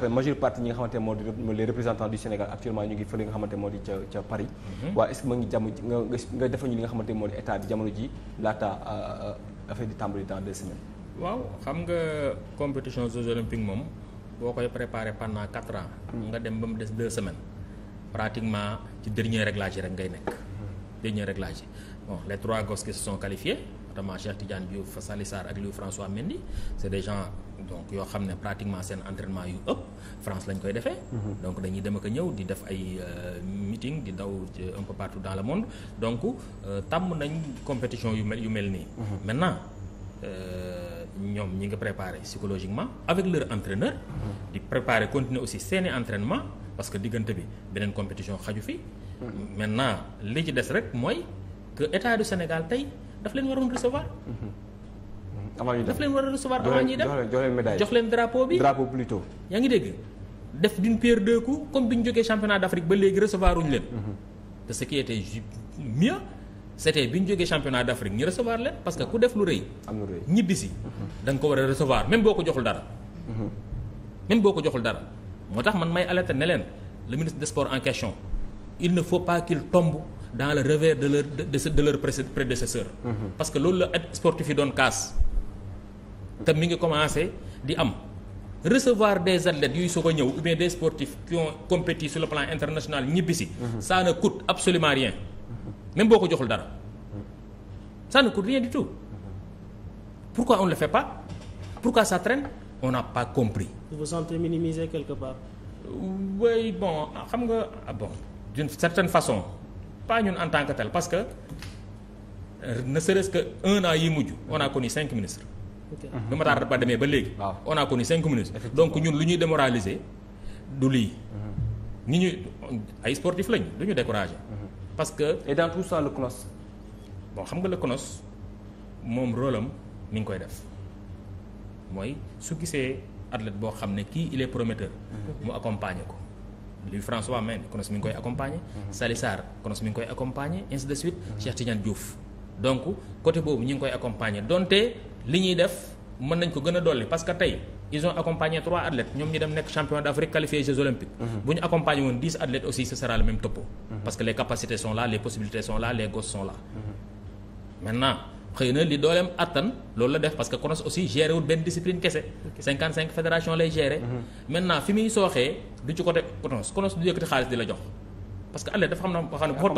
Euh, majeure partie ñi nga xamante moo di les représentants du Sénégal actuellement ñu ngi fële nga xamante moo di ca ca Paris mhm. waa est-ce que ma nga nga li nga xamante moo di état bi jamono ji laata euh, euh, affaire di tàmbali dans deux semaines waaw xam nga compétition jeux olympiques moom boo koy préparé pendant quatre ans mm. nga dem ba mu des deux semaines pratiquement ci dernier réglage yi rek ngay nekk mm. dernier réglage yi bon les trois gosses qui se sont qualifiés notamment Cheikh Tidiane Diouf Sali Sarr ak Louis François Mendy c' est des donc yoo xam ne pratiquement seen entraînement yu ëpp France lañ koy defee. Mhm. donc dañuy dem ak a ñëw di def ay euh, meeting di daw euh, un peu partout dans le monde donc euh, tàmm nañ compétition yu mel yu mel nii. Mhm. maintenant ñoom ñi ngi préparé psychologiquement avec leur entraîneur. Mhm. di préparer continuer aussi seeni entraînement parce que diggante bi beneen compétition xaju fi. maintenant li ci des rek mooy que daf leen waroon recevoir. Mm-hmm. avant daf leen war a recevoir avant ñuy jox leen médaille jox leen drapeau bi drapeau plutôt. yaa ngi dégg def d'une pierre deux coups comme bi ñu jógee championnat d'Afrique ba léegi recevoir uñu leen. te mm-hmm. ce qui mieux c'était bi ñu jógee championnat d'Afrique ñu recevoir leen parce que ku def lu rëy. ñibbisi. Mm-hmm. da nga ko war a recevoir même boo ko joxul dara. même boo ko joxul dara moo tax man may alerter ne leen le ministre des sports en question il ne faut pas dans le revers de leur de de, de leur prédécesseur mhm. parce que loolu la at sportif yi doon kaas te mi ngi commencé di am recevoir des athlètes yuy soo ko ñëw ou bien des sportifs qui ont compétit sur le plan international ñibbisi mhm. ça ne absolument rien mhm. même boo ko joxul dara ça ne coûte rien du tout pourquoi on ne fait pas pourquoi ça traîne on n'a pas compris vous vous sentez minimisé quelque part euh, oui bon ah, xam nga ah, bon d'une certaine façon pas ñun en tant que tel parce que euh, ne serait-ce un an yi mujj on a connu cinq ministres. ok mhm. bi ma taar ba demee ba léegi. on a connu cinq ministres. donc ñun lu ñuy démoraliser du lii. Mhm. nit ñuy ay sportif lañ du ñu découragé. Mhm. parce que. et dans tout ça le xam nga le CNOSS moom rôle am mi ngi koy def mooy su gisee athlète boo xam ne kii il est prometteur. mu accompagner ko. Louis François Menn konos mi ngi koy accompagner mhm. Sali Sarr mi ngi koy accompagner ainsi de suite Cheikh Tidiane Diouf donc côté boobu ñu ngi koy accompagner donte li ñuy def mën nañ ko gën a dolli parce que tey ils ont accompagné trois athlètes ñoom ñu dem nekk champion d'Afrique qualifié Jeux olympiques mhm. bu ñu accompagné woon dix athlètes aussi ce sera le même mhm. parce que les capacités sont là les possibilités sont là les gosses sont là maintenant xëy na du ci côté CNOOS CNOOS du yëkkati xaalis di la jox parce que alerte dafa xam ne boo xam ne boo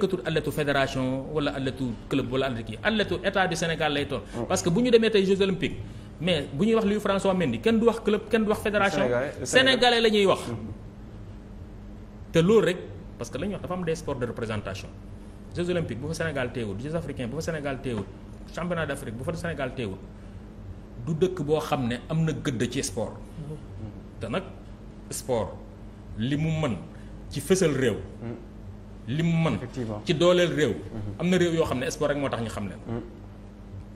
fa tollee fédération wala aletu club wala aletu kii aletu état du Sénégal lay toll. Mm. parce que bu ñu demee tey Jeux olympiques mais bu ñuy wax luy François Mendy kenn du wax club kenn du wax fédération. sénégalais la ñuy wax. Mm-hmm. te loolu rek parce que la ñuy wax dafa am des sports de représentation. Jeux olympiques bu fa Sénégal teewul Jeux africains bu fa Sénégal teewul championnat d'Afrique du dëkk boo xam ne am na gëdd ci sport te nag sport li mu mën ci fësal réew li mu mën ci dooleel réew mhm. am na réew yoo xam ne sport rek moo tax ñu xam ne mhm.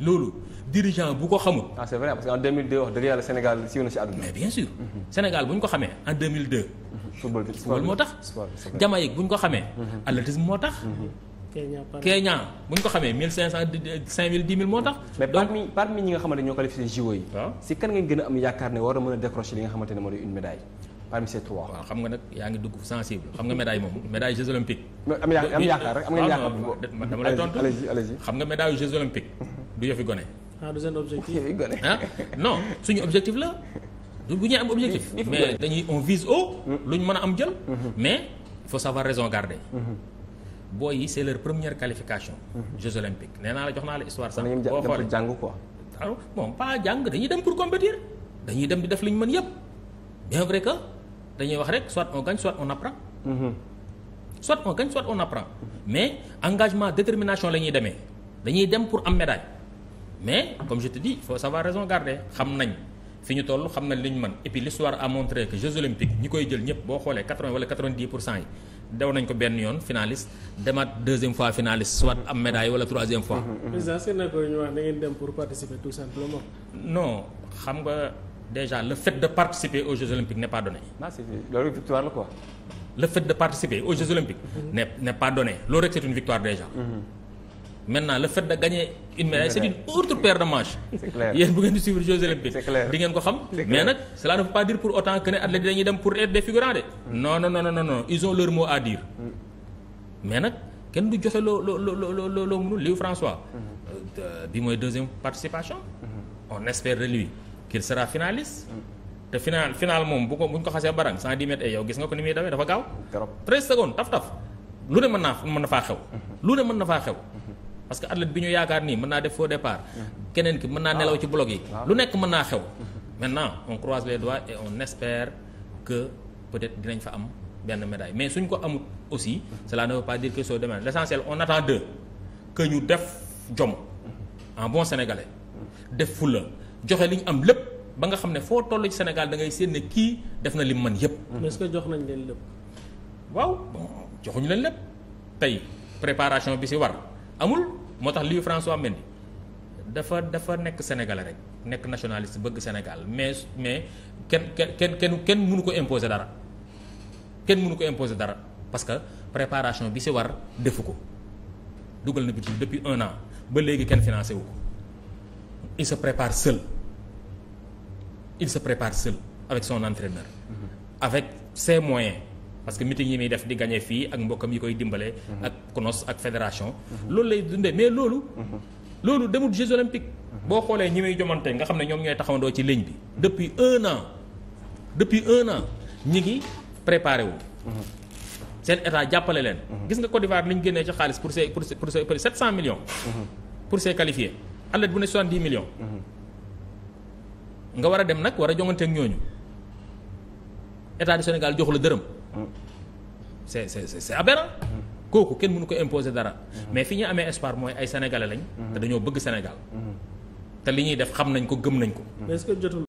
loolu dirigeant bu ko xamul ah c'est vrai parce que en 2002 wax dëgg yàlla Sénégal siiw na si àdduna mais bien sûr mhm. Sénégal bu ñu ko xamee en 2002 football moo tax Jamaïque bu ñu ko xamee athlétisme moo tax Kenya bu ñu ko xamee mille cinq cent dix mille moo tax. mais parmi parmi ñi nga xamante ñoo qualifié JO yi. si kan ngeen gën a am yaakaar ne war a mën a décrocher li nga xamante ne moo di une médaille. parmi ces trois xam nga nag moom médaille Jeux olympiques. am yaakaar am yaakaar rek am ah, nga médaille Jeux olympiques du yëfi gone. Ah, ah, non suñu objectif la du bu ñuy am objectif. mais dañuy on vise au. Mm. lu ñu mën a am jël. Mm-hmm. mais il savoir raison garder. Mm-hmm. booy yi c'est leur première qualification. Mhm. Jeux olympiques nee naa la jox naa la histoire sax. boo jàng quoi. alors bon pas dañuy dem pour compétir dañuy dem di def li ñu man yëpp bien vrai que dañuy wax rek soit on gagne soit on apprend. Mhm. soit on gagne soit on apprend mais engagement détermination la ñuy demee dañuy dem pour am médaille mais comme je te dis il faut savoir raison garder xam pour cent yi daw nañ ko benn yoon finaliste demaat deuxième fois finaliste soit am médaille wala troisième fois. Mm-hmm, mm-hmm. président seen na ko ñu wax da dem pour participer non xam nga déjà le fet de participer aux Jeux Olympiques n'est pas donné. ah c'est loolu victoire la quoi. le fait de participer aux Jeux Olympiques. Mm-hmm. n'est n'est pas donné loolu rek c'est une victoire déjà. maintenant le fait de gagner une médaille c'est une autre paire bu ngeen di suivre Jeux olympiques. di ngeen ko xam. mais nag cela ne veut pas dire pour autant que ne athlètes dañuy dem pour être des figurants de. non non non non non leur mot à dire. Mm. nag kenn du joxe loo loo loo loo loo mënul Léo François. Mm-hmm. Euh, bi mooy deuxième participation. Mm-hmm. on espère de lui qu'il sera finaliste. Mm. te final final moom bu ko bu ñu ko xasee barang 110 mètres et eh, yow gis nga ko ni muy dawee dafa gaaw. trop 13 parce que athlète bi ñu yaakaar nii mën naa def faux départ. Mm-hmm. keneen ki mën naa ah. nelaw ci bloc yi. Ah. lu nekk mën naa xew. Mm-hmm. maintenant on croise les doigts et on espère que peut-être dinañ fa am benn médaille mais suñ ko amut aussi. Mm-hmm. cela ne veut pas dire que soo demee l'essentiel on attend que ñu def jom en bon sénégalais. def fula joxe li ñu am lépp ba nga xam ne foo toll ci Sénégal da ngay séen kii def na lim man yépp mais que jox nañ leen lépp. waaw bon joxuñu leen lépp bi ci war. amul moo tax lii François Mendy dafa dafa nekk sénégalais rek nekk nationaliste bëgg Sénégal mais mais kenn kenn kenn kenn kenn munu ko imposer dara kenn munu ko imposer dara parce que préparation bi si war defu ko dugal na budget depuis un an ba léegi kenn financé wu ko il se prépare seul il se prépare seul avec son entraîneur mm-hmm. avec ses moyens parce que meeting yi muy def di gagné fii ak mbokkam yi koy dimbale. Mhm. ak CNOSS ak fédération. loolu lay dundee mais loolu. Mhm. loolu demul Jeux olympiques. Mhm. boo xoolee ñi muy jomante nga xam ne ñoom ñooy taxawandoo ci ligne bi. depuis un an depuis un an ñi ngi préparé wu. seen état jàppale leen. gis nga Côte d'Ivoire li ñu génnee ci xaalis pour ses pour ses pour ses 700 millions. pour ses qualifiés athlète bu ne 70 millions. nga war a dem nag war a jongante ak ñooñu état du Sénégal jox la dërëm. c'est c'est c'est aberrant kooku kenn mënu ko imposer dara mais fi ñu amee espoir mooy ay sénégalais lañ te dañoo bëgg Sénégal te li ñuy def xam nañ ko gëm nañ ko